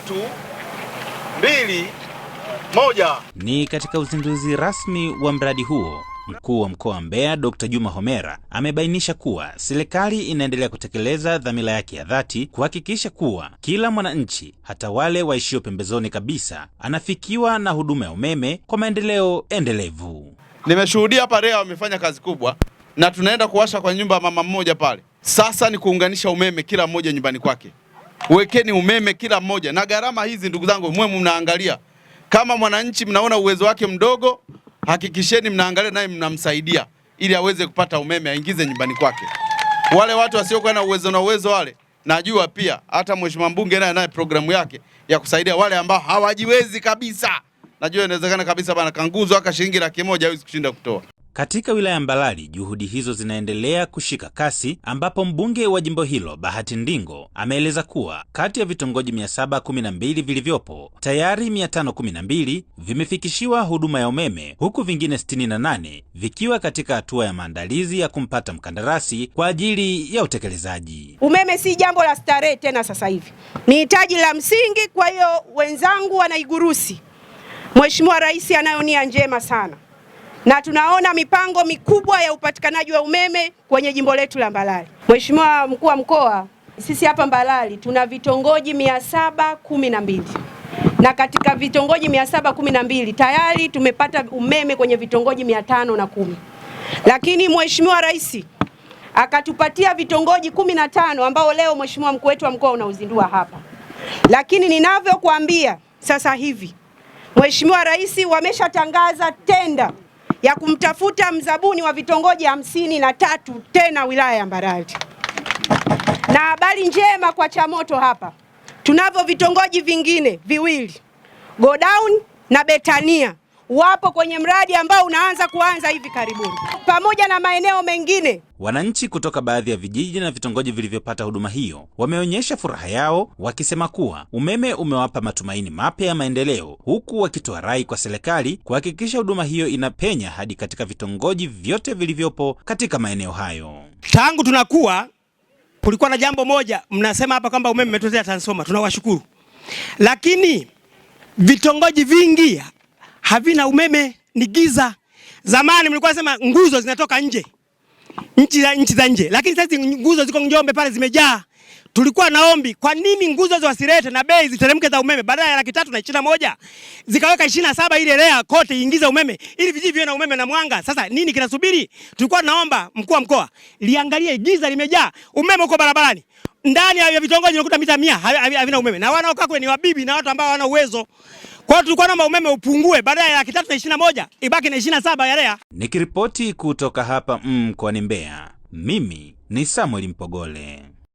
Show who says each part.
Speaker 1: tatu mbili moja.
Speaker 2: Ni katika uzinduzi rasmi wa mradi huo Mkuu wa Mkoa wa Mbeya Dkt. Juma Homera amebainisha kuwa serikali inaendelea kutekeleza dhamira yake ya dhati kuhakikisha kuwa kila mwananchi, hata wale waishio pembezoni kabisa, anafikiwa na huduma ya umeme kwa maendeleo endelevu.
Speaker 3: Nimeshuhudia hapa REA wamefanya kazi kubwa, na tunaenda kuwasha kwa nyumba ya mama mmoja pale. Sasa ni kuunganisha umeme kila mmoja nyumbani kwake wekeni umeme kila mmoja. Na gharama hizi ndugu zangu, mwe mnaangalia, kama mwananchi mnaona uwezo wake mdogo, hakikisheni mnaangalia naye mnamsaidia ili aweze kupata umeme aingize nyumbani kwake. Wale watu wasiokuwa na uwezo na uwezo wale, najua pia hata mheshimiwa mbunge naye naye programu yake ya kusaidia wale ambao hawajiwezi kabisa. Najua inawezekana kabisa bana, kanguzo aka shilingi laki moja hawezi kushinda kutoa.
Speaker 2: Katika wilaya ya Mbalali juhudi hizo zinaendelea kushika kasi, ambapo mbunge wa jimbo hilo Bahati Ndingo ameeleza kuwa kati ya vitongoji 712 vilivyopo tayari 512 vimefikishiwa huduma ya umeme, huku vingine 68 vikiwa katika hatua ya maandalizi ya kumpata mkandarasi kwa ajili ya utekelezaji.
Speaker 4: Umeme si jambo la starehe tena, sasa hivi ni hitaji la msingi. Kwa hiyo wenzangu wanaigurusi, Mheshimiwa Rais anayo nia njema sana na tunaona mipango mikubwa ya upatikanaji wa umeme kwenye jimbo letu la Mbalali. Mheshimiwa mkuu wa mkoa, sisi hapa Mbalali tuna vitongoji mia saba kumi na mbili na katika vitongoji mia saba kumi na mbili tayari tumepata umeme kwenye vitongoji mia tano na kumi lakini Mheshimiwa Rais akatupatia vitongoji kumi na tano ambao leo Mheshimiwa mkuu wetu wa mkoa unauzindua hapa, lakini ninavyokuambia sasa hivi Mheshimiwa Rais wameshatangaza tenda ya kumtafuta mzabuni wa vitongoji hamsini na tatu tena wilaya ya Mbarali. Na habari njema kwa Chamoto hapa tunavyo vitongoji vingine viwili Godown na Betania wapo kwenye mradi ambao unaanza kuanza hivi karibuni pamoja na maeneo mengine.
Speaker 2: Wananchi kutoka baadhi ya vijiji na vitongoji vilivyopata huduma hiyo wameonyesha furaha yao wakisema kuwa umeme umewapa matumaini mapya ya maendeleo, huku wakitoa rai kwa serikali kuhakikisha huduma hiyo inapenya hadi katika vitongoji vyote vilivyopo katika maeneo hayo.
Speaker 5: Tangu tunakuwa kulikuwa na jambo moja, mnasema hapa kwamba umeme umetuletea transformer, tunawashukuru, lakini vitongoji vingi havina umeme, ni giza. Zamani mlikuwa nasema nguzo zinatoka nje, nchi za nchi za nje, lakini sasa nguzo ziko Njombe pale zimejaa. Tulikuwa naombi kwa nini nguzo hizo wasilete na bei ziteremke za umeme, badala ya laki tatu na ishirini na moja zikaweka ishirini na saba ile REA kote iingize umeme ili vijiji viwe na umeme na mwanga. Sasa nini kinasubiri? Tulikuwa naomba mkuu wa mkoa liangalie, giza limejaa, umeme uko barabarani ndani ya vitongoji unakuta mita mia havina umeme, na wanaokaa kule ni wabibi na watu ambao hawana uwezo. Kwa hiyo tulikuwa naomba umeme upungue badala ya laki tatu na ishirini na moja ibaki na ishirini na saba ya REA.
Speaker 2: Nikiripoti kutoka hapa mkoani mm, Mbeya, mimi ni Samuel Mpogole.